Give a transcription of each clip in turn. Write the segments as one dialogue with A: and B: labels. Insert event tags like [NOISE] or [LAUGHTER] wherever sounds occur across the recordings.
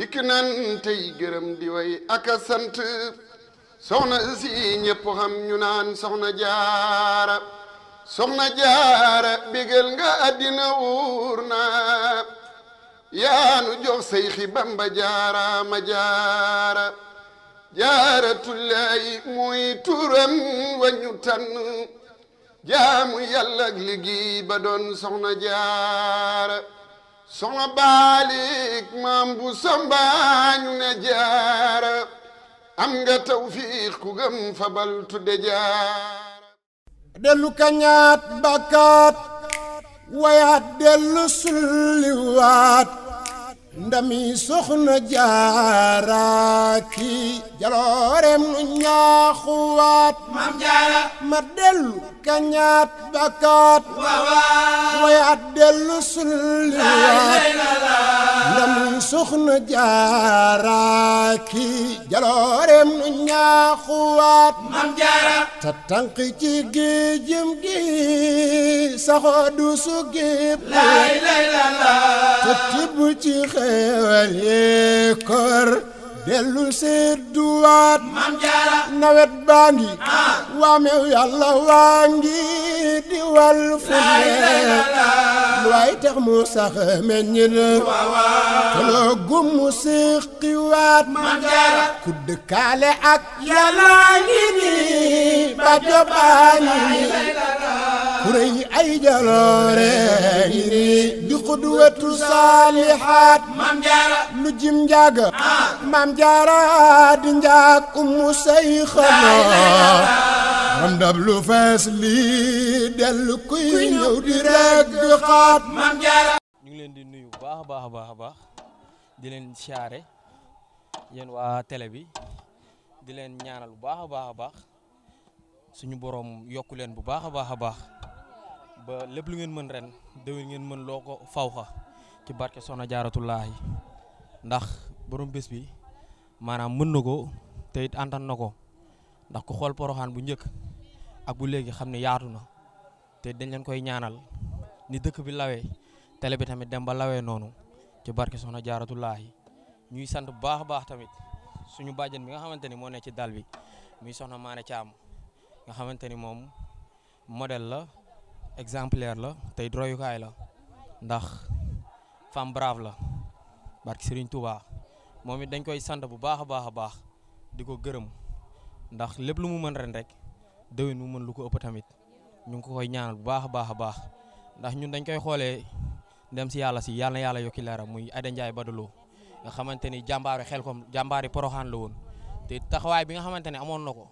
A: dikk nan tey gërëm di way ak a soxna si ñëpp xam ñu naan soxna jaara soxna jaara bégal nga àddina wuur na yaanu jox seyxi bamba jaara ma jaara jaaratullaay muy turam wañu tan jaamu yàlla ak ba doon soxna jaara soxna baalik maam bu sambaañu ne jaara am nga tawfiix ku gëm fabal tudde jaara
B: dellu kañaat bakkaat wayaat dellu sulliwaat ndami soxna jaaraaki jaloorem nu ñaaxuwaat mam jaara ma dellu kañaat bakaat wayaat dellu sulliwaat ndami soxna jaaraaki jaloorem nu ñaaxuwaat mam jaara ta tànk ci géejëm gi saxoo du su géeb te tibb ci xéewal yi kor dellu sedduwaat maam jaara nawet baa ngi waamew waa ngi di wal fu lu waay tax mu sax meññ na toloo gum mu séqi waat maam jaara ku dëkkaale ak yàlla ba jobaa ngi ni xudwatu saalihaat maam jaara lu jim njaaga maam jaara di njaag umu say xanaa am ndab lu fees lii dellu kuy ñëw di rekk xaat maam jaara
C: ñu ngi leen di nuyu baax a baax a baax a baax di leen siyaare yéen waa télé bi di leen ñaanal bu baax baax a baax suñu boroom yokku leen bu baax a baax a baax ba lépp lu ngeen mën ren déwén ngeen mën loo ko faw xa ci barke soxna jaaratullaahi ndax borom bés bi maanaam mën na ko te it antan na ko ndax ku xool poroxaan bu njëkk ak bu léegi xam ne yaatu na te dañ leen koy ñaanal ni dëkk bi lawe télé bi tamit dem ba lawee noonu ci barke soxna jaaratullaahi ñuy sant bu baax a baax tamit suñu bàjjen bi nga xamante ni moo ne ci dal bi muy soxna Maane Caam nga xamante ni moom modèle la exemplaire la tey royukaay la ndax femme brave la barki Serigne Touba moom it dañ koy sant bu baax a baax a baax di ko gërëm ndax lépp lu mu mën ren rek déwén mu mën lu ko ëpp tamit ñu ngi ko koy ñaanal bu baax a baax a baax ndax ñun dañ koy xoolee dem si yàlla si yàlla na yàlla yokki leeram muy Aida Ndiaye Badaloo nga xamante ni jàmbaaru Xelkom jàmbaari Poroxaan la woon te taxawaay bi nga xamante amoon na ko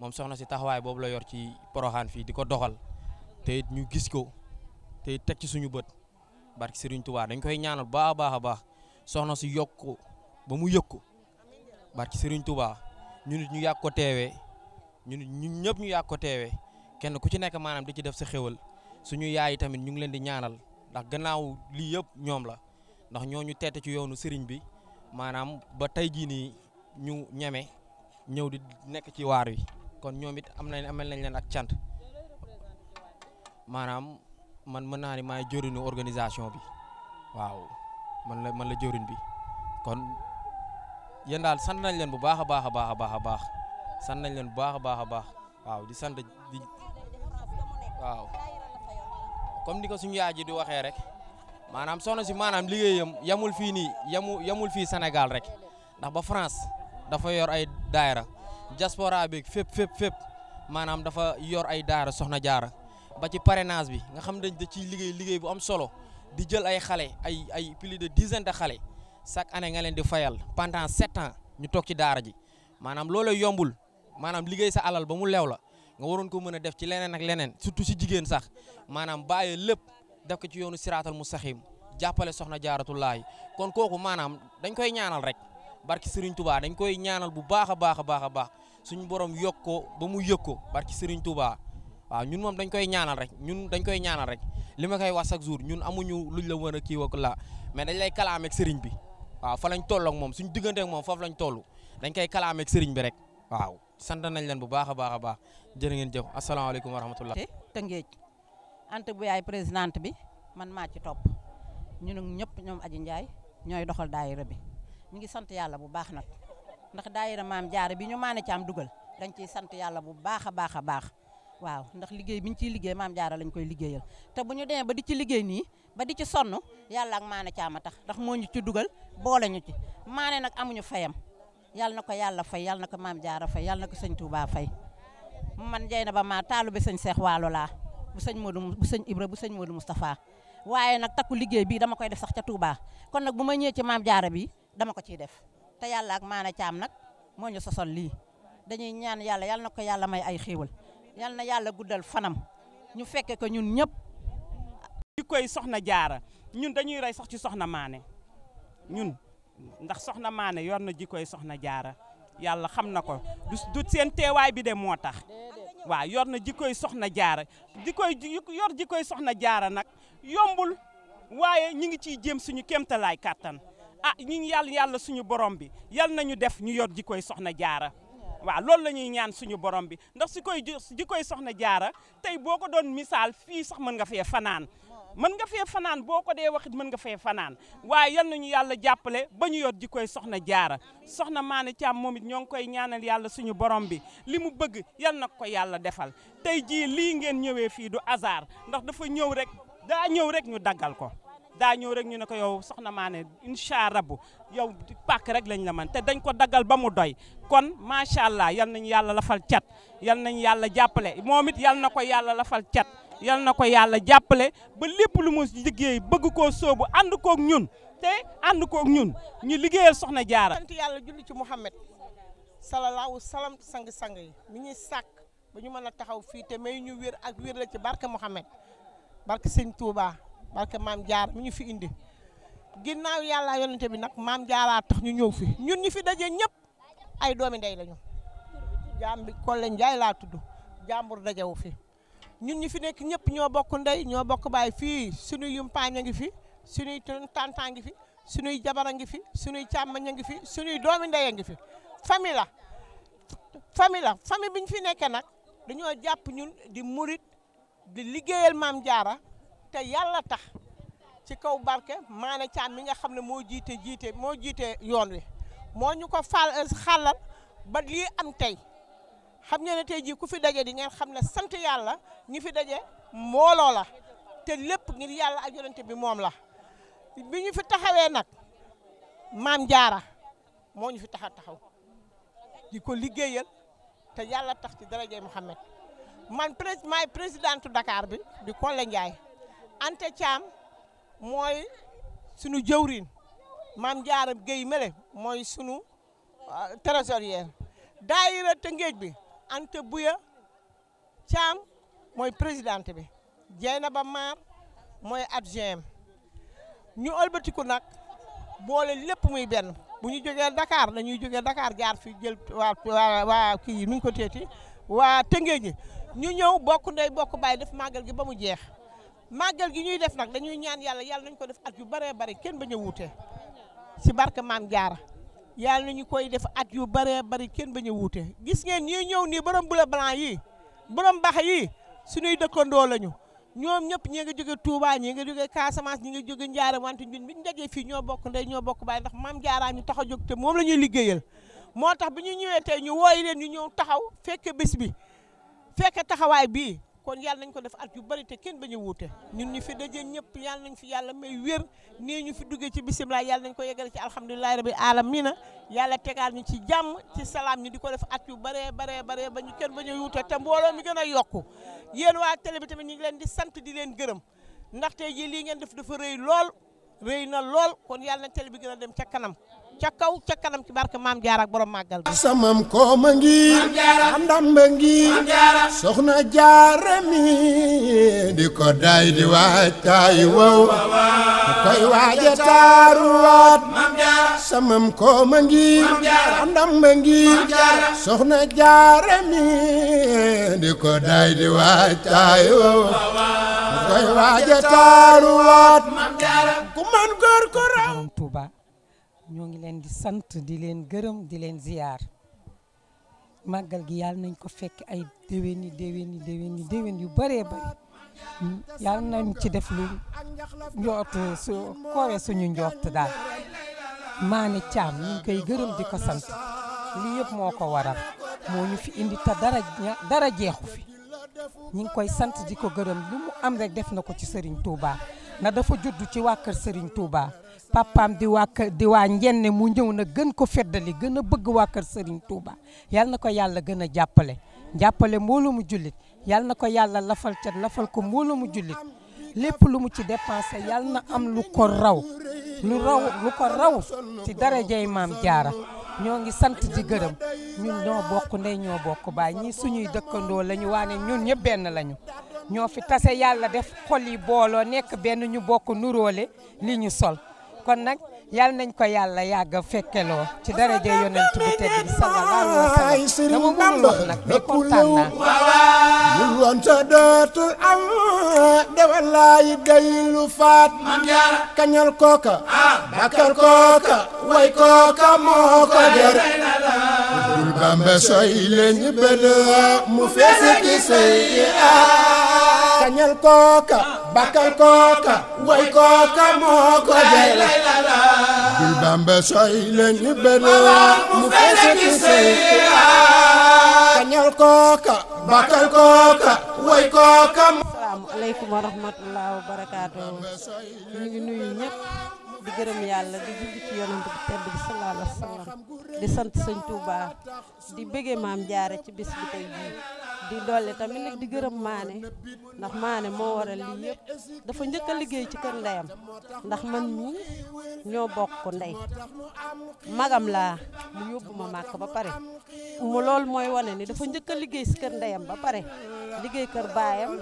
C: moom soxna si taxawaay boobu la yor ci Poroxaan ko doxal. te it ñu gis ko te teg ci suñu bët barki Serigne Touba dañ koy ñaanal baax a baax a baax soxna si yokk ba mu yëg ko barki Serigne Touba ñu nit ñu yàgg ko teewee ñu ñun ñëpp ñu yàgg ko teewee kenn ku ci nekk maanaam di ci def sa xéwal suñu yaay tamit ñu ngi leen di ñaanal ndax gannaaw lii yëpp ñoom la ndax ñoo ñu teete ci yoonu Serigne bi maanaam ba tey jii nii ñu ñeme ñëw di nekk ci waar wi kon ñoom it am nañ amal nañ leen ak cant. maanaam man mën naa ni maay jëriñu organisation bi waaw man la man la jëriñ bi kon yan daal sant nañ leen bu baax a baax a baax a baax a baax sant nañ leen bu baax a baax a baax waaw di sant di ni ko suñu yaay ji di waxee rek maanaam soxna si maanaam liggéeyam yamul fii nii yamu yamul fii senegal rek ndax ba France dafa yor ay daayra diaspora bi fépp fépp fépp maanaam dafa yor ay daayra soxna jaara ba ci parrainage bi nga xam dañ da ciy liggéey liggéey bu am solo di jël ay xale ay ay plus de dizaine de xale chaque année nga leen di fayal pendant sept ans ñu toog ci daara ji maanaam looloo yombul maanaam liggéey sa alal ba mu lew la nga waroon ko mën a def ci leneen ak leneen surtout si jigéen sax maanaam bàyyi lépp def ko ci yoonu siraatal mustaqiim jàppale soxna jaaratullaahi kon kooku maanaam dañ koy ñaanal rek barki Serigne tubaa dañ koy ñaanal bu baax a baax a baax a baax suñu borom yokk ko ba mu yëg ko barki Serigne Touba. waaw ñun moom dañ koy ñaanal rek ñun dañ koy ñaanal rek li ma koy wax chaque jour ñun amuñu luñ la war a kii wak la mais dañ lay kalaameeg sëriñ bi waaw fa lañ toll moom suñu diggante moom foofu lañ toll dañ koy kalaameeg sëriñ bi rek waaw sant nañ leen bu baax a baax a baax jërë ngeen jëf asalaamaaleykum wa rahmatullah
D: Tëngéej ante bu yaay présidente bi man maa ci topp ñun ñëpp ñoom Aji Ndiaye ñooy doxal daayira bi ñu ngi sant yàlla bu baax nag ndax daayira maam jaare bi ñu maane ci am dugal dañ ciy sant yàlla bu baax a baax a baax waaw ndax liggéey bi ñu ciy liggéey maam jaara lañ koy liggéeyal te bu ñu demee ba di ci liggéey nii ba di ci sonn yàlla ak maane caama tax ndax moo ñu ci dugal boole ñu ci maane nag amuñu fayam yàlla na ko yàlla fay yàlla na ko maam jaara fay yàlla ko sëñ Touba fay man jey ba ma taalu bi sëñ Seex Waalo laa bu sëñ Modou bu sëñ bu sëñ Modou Moustapha waaye nag takku liggéey bii dama koy def sax ca Touba kon nag bu ma ñëwee ci maam jaara bi dama ciy def te yàlla ak maane caam nag moo ñu sosol lii dañuy ñaan yàlla yàlla na ko yàlla may
E: ay xéewal yal na yàlla guddal fanam ñu fekke ko ñun ñëpp. di koy soxna jaara ñun dañuy rey sax ci soxna maane ñun ndax soxna maane yor na ji koy soxna jaara yàlla xam na ko du seen teewaay bi de moo tax. waa yor na ji soxna jaara di koy yor ji koy soxna jaara nag yombul waaye ñu ngi ciy jéem suñu kéemtalaay kàttan ah ñu ngi yàlla yàlla suñu borom bi yal nañu def ñu yor ji koy soxna jaara. waaw loolu la ñuy ñaan suñu borom bi ndax si koy ji koy soxna jaara tey boo ko doon misaal fii sax mën nga fee fanaan mën nga fee fanaan boo ko dee waxit mën nga fee fanaan waaye yal nañu yàlla jàppale ba ñu yor ji koy soxna jaara soxna Maane Thiam moom it ñoo ngi koy ñaanal yàlla suñu borom bi li mu bëgg yal na ko yàlla defal tey jii lii ngeen ñëwee fii du hasard ndax dafa ñëw rek daa ñëw rek ñu daggal ko daa ñëw rek ñu ne ko yow soxna Mané incha rabbu yow pàkk rek lañ la man te dañ ko dagal ba mu doy kon macha allah yal nañu yàlla lafal cat yal nañu yàlla jàppale moom it yal na ko yàlla lafal cat yal na ko yàlla jàppale ba lépp lu mu liggéey bëgg koo soobu ànd kook ñun te ànd kook ñun ñu liggéeyal soxna jaara sant
F: yàlla julli ci Muhammad salallaahu salaam sang-sang yi mi ñuy sàkk ba ñu mën a taxaw fii te may ñu wér ak wér la ci barke Muhammad barke sëñ Touba. barke maam jaar mi ñu fi indi ginnaaw yàlla yonente bi nag maam jaara tax ñu ñëw fi ñun ñu fi daje ñëpp ay doomi ndey lañu jaam bi Kole Njaay laa tudd jàmbur dajewu fi ñun ñu fi nekk ñëpp ñoo bokk ndey ñoo bokk baay fii suñuy yumpaañ ngi fi suñuy tantaa ngi fi suñuy jabar a ngi fi suñuy càmmañ a ngi fi suñuy doomi ndey a ngi fi famille la famille la famille bi ñu fi nekkee nag dañoo jàpp ñun di murit di liggéeyal maam jaara te yàlla tax ci kaw barke maana caam mi nga xam ne moo jiite jiite moo jiite yoon wi moo ñu ko faal euh, ba lii am tey xam ngeen ne tey jii ku fi daje di ngeen xam ne sant yàlla ñi fi daje mbooloo la te lépp ngir yàlla ak yonente bi moom la bi ñu fi taxawee nag maam jaara moo ñu fi taxa taxaw di ko liggéeyal te yàlla tax ci daraje Muhammad man pres maay présidentu Dakar bi di Kole Ndiaye Anta Thiam mooy sunu jëwriñ maam Diarra Guèye mele mooy sunu euh, trésorière daayira Tëngéej bi Anta Buya Thiam mooy présidente bi Dieynaba Mar mooy adjoint ñu ëlbatiku nag boole lépp muy benn bu ñu jógee Dakar dañuy jógee Dakar jaar fi jël waa waa waa kii yi ko teeti waa Tëngéej ñu ñëw bokk ndey bokk bàyyi def màggal gi ba mu jeex màggal gi ñuy def nag dañuy ñaan yàlla yàlla nañ ko def at yu bëree bëri kenn bañ a wuute si barke maam jaara yàlla nañu koy def at yu bëree bëri kenn bañ a wuute gis ngeen ñuy ñëw nii borom bula blanc yi borom bax yi su nuy dëkkandoo lañu ñoom ñëpp ñi nga jóge Touba ñee nga jóge Casamance ñi nga jóge Njaare wante bi ñu dajee fii ñoo bokk ndey ñoo bokk baay ndax maam jaaraa ñu tax a jóg te moom la ñuy liggéeyal moo tax bi ñu ñëwee tey ñu wooyi leen ñu ñëw taxaw fekke bés bi taxawaay bii kon yàlla nañ ko def at yu bari te kenn bañ a wuute ñun ñu fi daje ñëpp yàlla nañ fi yàlla may wér nii ñu fi duggee ci bisimilah yàlla nañ ko yeggale ci alhamdulilah rabi alamina yàlla tegaal ñu ci jàmm ci salaam ñu di ko def at yu baree bare baree ba ñu kenn bañ a wuute te mbooloo mi gën a yokku yéen waa télé bi tamit ñu ngi leen di sant di leen gërëm ndaxte ji lii ngeen def dafa rëy lool rëy na lool kon yàlla na télé bi gën a dem ca kanam. ca kaw ca kanam ci barke maam
B: jaara ak borom màggal bi samam kooma ngi ndamba ngi soxna jaara mi di ko day di waajtaay wow koy di koy waaja taaru waat ku man góor
G: ñoo ngi leen di sant di leen gërëm di leen ziyaar màggal gi yàlla nañ ko fekk ay déwéni déwén déwéni déwén yu bëree bëri hmm, yàlla nañ ci def lu njort su kowe suñu njort daal maane caam ñu ngi koy gërëm di ko sant lii yëpp moo ko waral moo ñu fi indi te dara jeexu fi ñu ngi koy sant di ko gërëm lu mu am rek def na ko ci Serigne Touba. na dafa judd ci waa kër Serigne Touba papaam di waa di waa njenne mu ñëw na gën ko feddali gën a bëgg waa kër Serigne Touba yal na ko yàlla gën a jàppale jàppale mbooloo mu jullit yal na ko yàlla lafal cet lafal ko mbooloo mu jullit lépp lu mu ci dépensé yal na am lu ko raw lu raw lu ko raw ci darajay maam jaara ñoo ngi sant di gërëm ñun ñoo bokk ndey ñoo bokk baay ñii suñuy dëkkandoo lañu waane ñun ñëpp benn lañu ñoo fi tase yàlla def xol yi booloo nekk benn ñu bokk nuróole li ñu sol kon nag yàlla nañ ko yàlla yàgg a fekkeloo ci daraja yonent bu tedd bi sallallahu alayhi wa sallam nag
B: mais kontaan
G: naa
B: mulwan sa dootu kañal kooka ah, bakar kooka way kooka moo ko jar bul bamba soy leen bël mu fees ki say kañal kooka bakkal kooka boy kooka moo ko jële dul bamba soy leen ni bëre mu feese ki sey kañal kooka bakkal kooka boy kooka.
D: asalaamaaleykum wa rahmatulah wa barakaatu ñu ngi nuyu ñëpp. di gërëm yàlla di judd ci yonent bi tedd bi sallallahu alayhi wa di sant sëñ Touba di bëggee maam jaare ci bis bi di dolli tamit nag di gërëm maane ndax maane moo waral lii yëpp dafa njëkk a liggéey ci kër ndeyam ndax man mii ñoo bokk ndey magam laa mu yóbbu ma màkk ba pare mu loolu mooy wane ni dafa njëkk a liggéey ci kër ndeyam ba pare liggéey kër baayam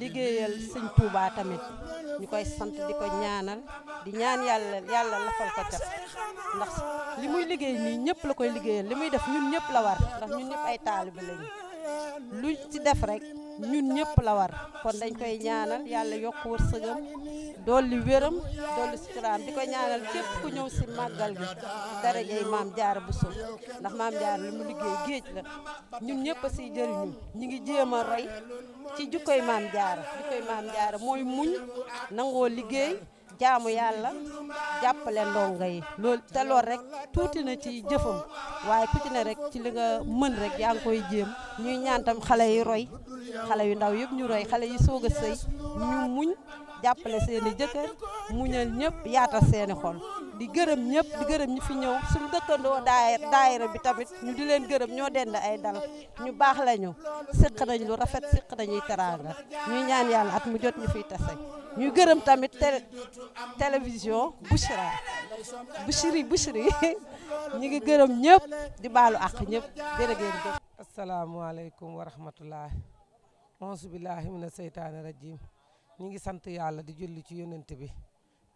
D: liggéeyal sëñ Touba tamit ñu koy sant di ko ñaanal di ñaan yàlla yàlla lafal ko cat ndax li muy liggéey nii ñëpp la koy liggéeyal li muy def ñun ñëpp la war ndax ñun ñëpp ay taalibe lañu lu ci def rek ñun ñëpp la war kon dañ koy ñaanal yàlla yokk wërsëgam dolli wéram dolli suturaam di ko ñaanal képp ku ñëw si màggal gi darajey maam jaara Buso ndax maam jaara li mu liggéey géej la ñun ñëpp a siy jëriñu ñu ngi jéem a ci jukkoy maam jaara jukkoy maam jaara mooy muñ nangoo liggéey jaamu yàlla jàppale ndongo yi loolu te lool rek tuuti na ci jëfam waaye ku ci ne rek ci li nga mën rek yaa ngi koy jéem ñuy ñaan xale yi roy xale yu ndaw yëpp ñu roy xale yi soog a sëy ñu muñ jàppale seeni jëkkër muñal ñëpp yaatal seeni xol di gërëm ñëpp di gërëm ñi fi ñëw suñu dëkkandoo daay daayira bi tamit ñu di leen gërëm ñoo dend ay dal ñu baax lañu séq nañ lu rafet séq nañuy teraanga ñuy ñaan yàlla at mu jot ñu fiy tase ñu gërëm tamit télé télévision Bichri Bichri Bichri
H: [LAUGHS] ñu ngi gërëm ñëpp di baalu àq ñëpp jërë ngeen jëf asalaamualeykum wa rahmatullah auzu billahi mina seytaani rajim ñu ngi sant yàlla di julli ci yonent bi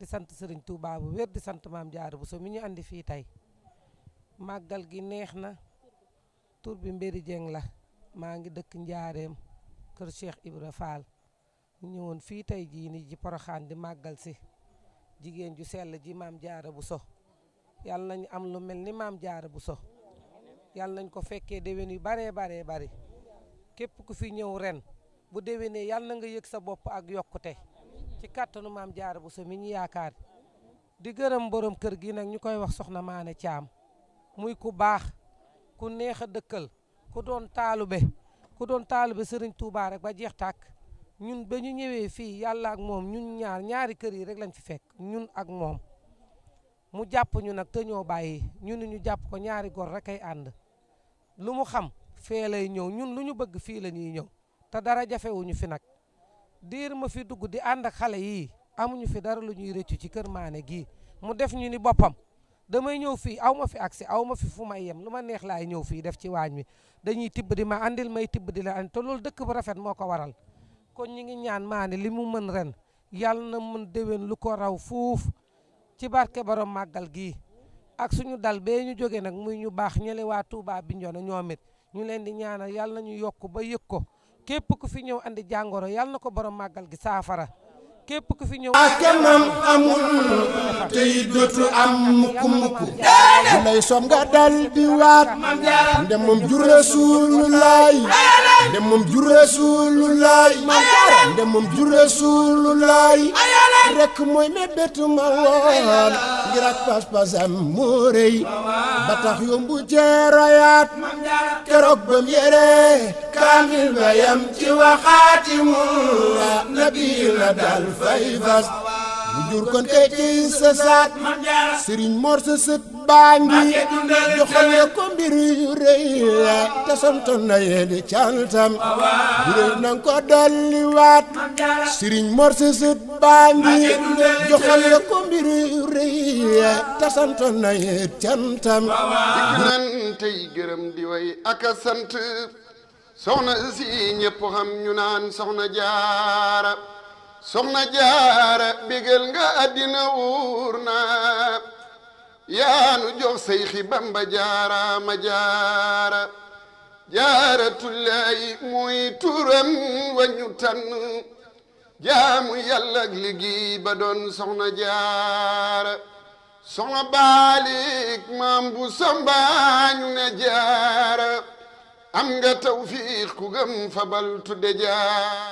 H: di sant sëriñ Touba bu wér di sant maam Jaara Buso mi ñu andi fii tey màggal gi neex na tur bi Mbéri Jeng la maa ngi dëkk njaareem kër Cheikh Ibra Fall ñëwoon fii tey jii ni ji poroxaan di màggal si jigéen ju sell ji maam Jaara Buso yàlla nañu am lu mel ni maam Jaara Buso yàlla nañ ko fekkee déwén yu baree baree bari képp ku fi ñëw ren bu déwénee yàlla na nga yëg sa bopp ak yokkute ci kattanu maam jaara bu so mi ñu yaakaar di gërëm borom kër gi nag ñu koy wax soxna maane caam muy ku baax ku neex a dëkkal ku doon taalube ku doon taalu be sëriñ Touba rek ba jeex tàkk ñun ba ñu ñëwee fii yàlla ak moom ñun ñaar ñaari kër yi rek lañ fi fekk ñun ak moom mu jàpp ñu nag te ñoo bàyyi ñun ñu jàpp ko ñaari gor rek ay ànd lu mu xam fee lay ñëw ñun lu ñu bëgg fii la ñuy ñëw te dara jafewuñu fi nag diir ma fi dugg di ànd ak xale yii amuñu fi dara lu ñuy rëccu ci kër maane gii mu def ñu ni boppam damay ñëw fii aw ma fi accès aw ma fi fu may yem lu ma neex laay ñëw fii def ci waañ wi dañuy tibb di ma andil may tibb di la andi te dëkk ba rafet moo ko waral kon ñi ngi ñaan maane li mu mën ren yàlla na mën déwén lu ko raw fuuf ci barke borom màggal gii ak suñu dal bee ñu jógee nag muy ñu baax ñële waa Touba Bignona ñoom it ñu leen di ñaanal yàlla na ñu yokk ba yëg ko képp ku fi ñëw andi jàngoro yàlla na ko borom màggal gi saafara
B: képp ku fi ñëw akemam amul te yi dootu am mukk mukk lay som nga dal di waat ndem moom jur Rasulullah ndem moom jur Rasulullah ndem moom jur Rasulullah rek mooy mébétu ma woon ngir ak pas-pasam moo rëy ba tax yombu cee royaat keroog bam yéree kaamil ba yam ci waxaati mu nabiil na dal fay fas mu jur kon tey ci sa saat sëriñ Mor sa sët baa ngi joxal la ko mbir yu rëy la te na yéen cantam bu rëy ko dolli waat sëriñ Mor baa ngi joxal la ko mbir yu rëy la te na yéen cantam
A: nan tey gërëm di way ak a soxna si ñëpp xam ñu naan soxna jaara soxna jaara bégal nga àddina wuur na yaanu jox seyxi bamba jaara ma jaara jaaratullaay muy turam wañu tan jaamu yàlla ak liggéey ba doon soxna jaara soxna baalik maam bu sombaañu ne jaara am nga tawfiix ku gëm fabal tudde jaara